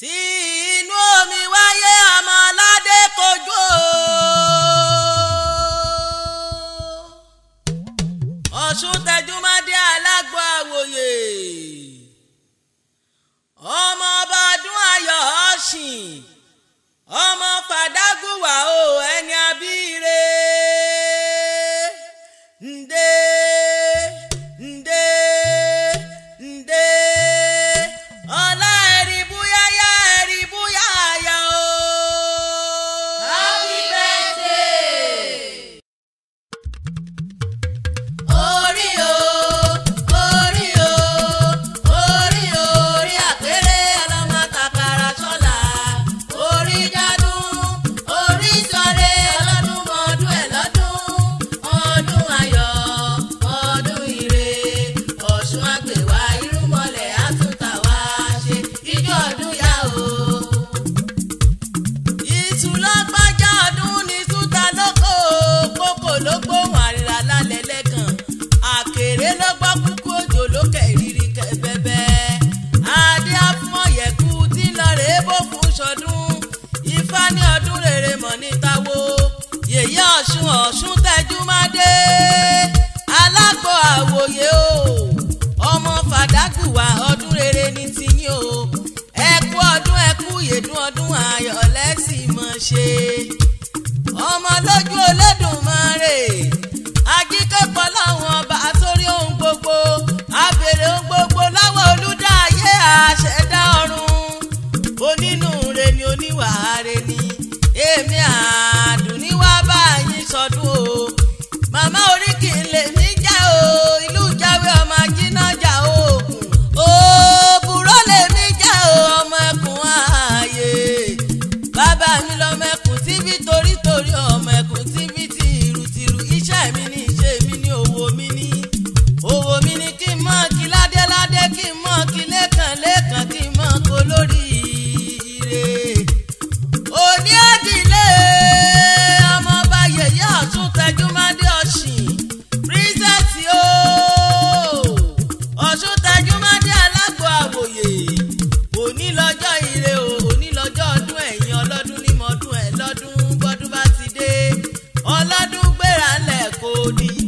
tí inú omi wáyé àmọ́ aládé kojú o ọ̀ṣun tẹjúmọ́dé alágbó àwòyè ọmọ ọba ọdún ayọ̀ ọ̀sìn ọmọ pàdágùwà o ẹni abíire ǹdẹ́. rira lálẹ́ lẹ́gàn àkèrè ló gbọ́ kúkú òjò lókè ìrírí kẹbẹbẹ adé afúnmọ̀yẹ̀kú tí ń lọ rèé bó fún sọdún ifá ní ọdún rere mọ̀ níta wo yèyé ọ̀ṣun ọ̀ṣun tẹ́jú má dé alágbó àwòyé o ọmọ fàdákùwà ọdún rere ní tiyín o ẹ ọdún ẹ yèdún ọdún ayọ̀ mọ̀ ṣe ọmọ lójú olódò. ¡Gracias!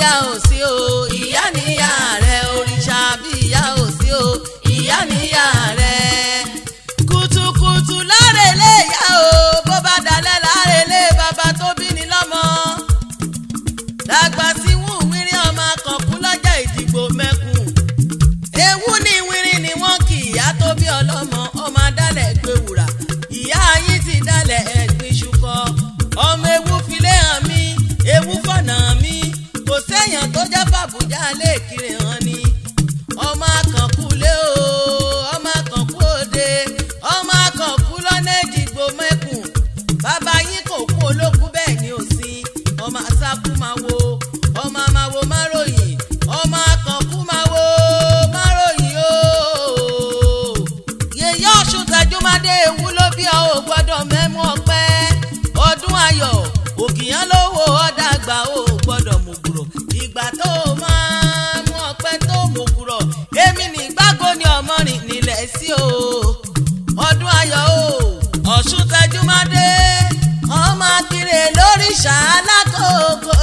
ìyá ìyá ọ̀ṣun tẹ̀júmọ́dé ewu ló bí ọ ò gbọ́dọ̀ mẹ́mú ọpẹ́ ọdún ayọ̀ òkìyàn lówó ọ̀dàgbà ò gbọ́dọ̀ mògùrọ̀ ìgbà tó o máa mú ọpẹ́ tó mògùrọ̀ èmi ní gbáko ni ọmọ rìn nílẹ̀ sí o ọdún ayọ̀ o ọ̀ṣun tẹ̀júmọ́dé ọmọ akire lórí ṣáá lákòókò.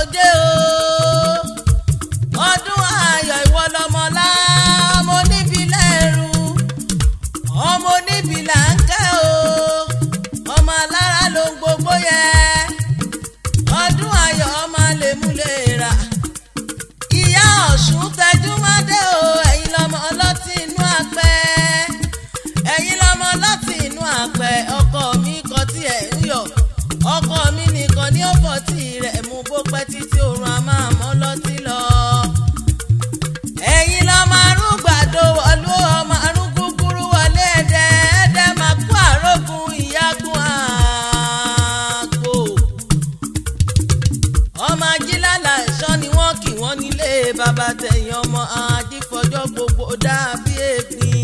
ajílálà ẹ̀ṣọ́ ni wọ́n kì wọ́n nílé bàbá tẹ̀yìn ọmọ ajífọjọ́ gbogbo dàbí ègbìn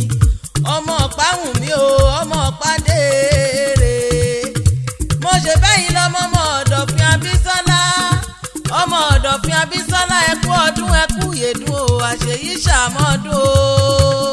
ọmọ ọ̀pá wù mí o ọmọ ọ̀pá déèrè mo ṣe bẹ́yìn lọ́mọ ọmọ ọ̀dọ̀fin abísọ́lá ọmọ ọ̀dọ̀fin abísọ́lá ẹkú ọdún ẹkú yèdùn o àṣeyí ṣàmọ́dún o.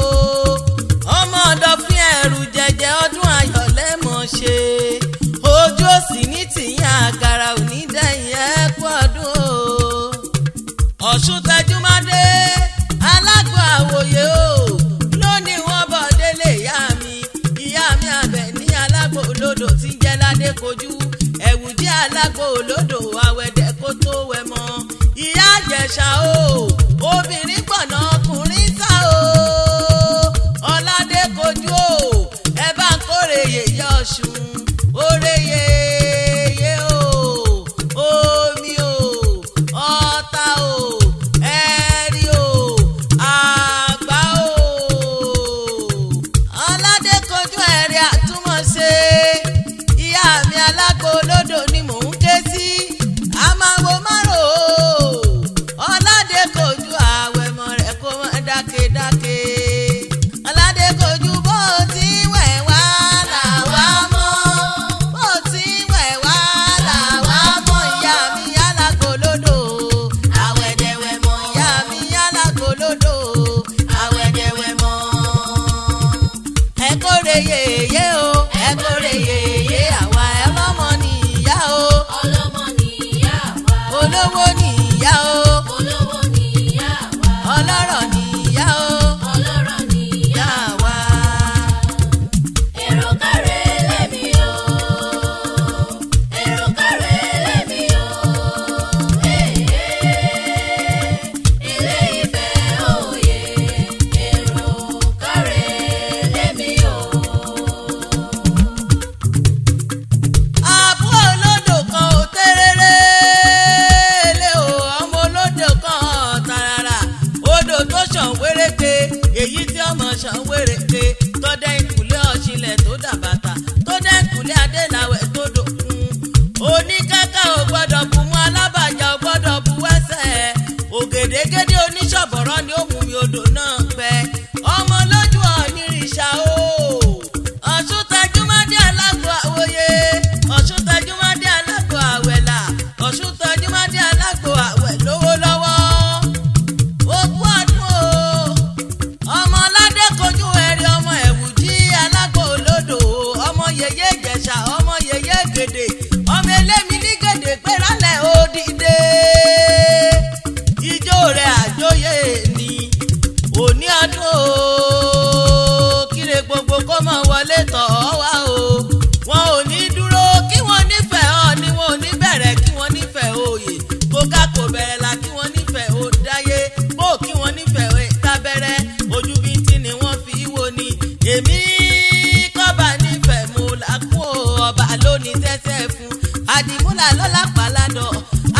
àdìmúlà lọ́la pàládọ̀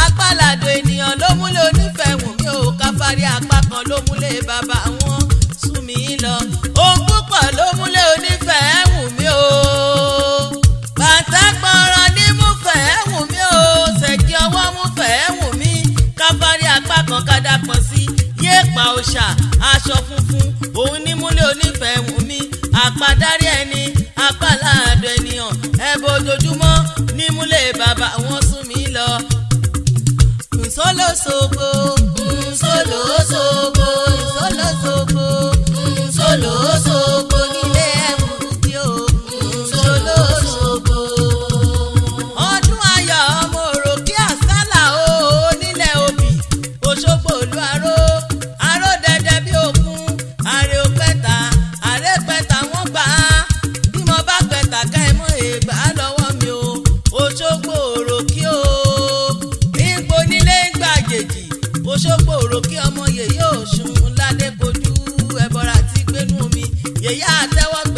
apálàdọ̀ ènìyàn ló múlẹ̀ onífẹ̀ẹ́ wù mí ò káfárí apá kan ló múlẹ̀ bàbá wọn sùn mí lọ ohun púpọ̀ ló múlẹ̀ onífẹ̀ẹ́ wù mí o bàtà gbọ́rọ̀ ní mú fẹ̀ẹ́ wù mí ò ṣèkí ọwọ́ mú fẹ̀ẹ́ wù mí káfárí apá kan kádà pọ̀ sí yéèpà òòṣà aṣọ funfun òun ní múlẹ̀ onífẹ̀ẹ́ wù mí àpádárí ẹni apálàdọ̀ ènìyàn ẹ̀bùn ojoojúmọ́ múlẹ̀ bàbá wọn sún mi lọ. nsọ́lọ́sọ̀gbọ̀ nsọ́lọ́sọ̀gbọ̀. òṣogbo òrò kí ọmọ yèyé òṣùn ládé kojú ẹbọra tí gbénú omi yèyé àtẹwọ́gbà.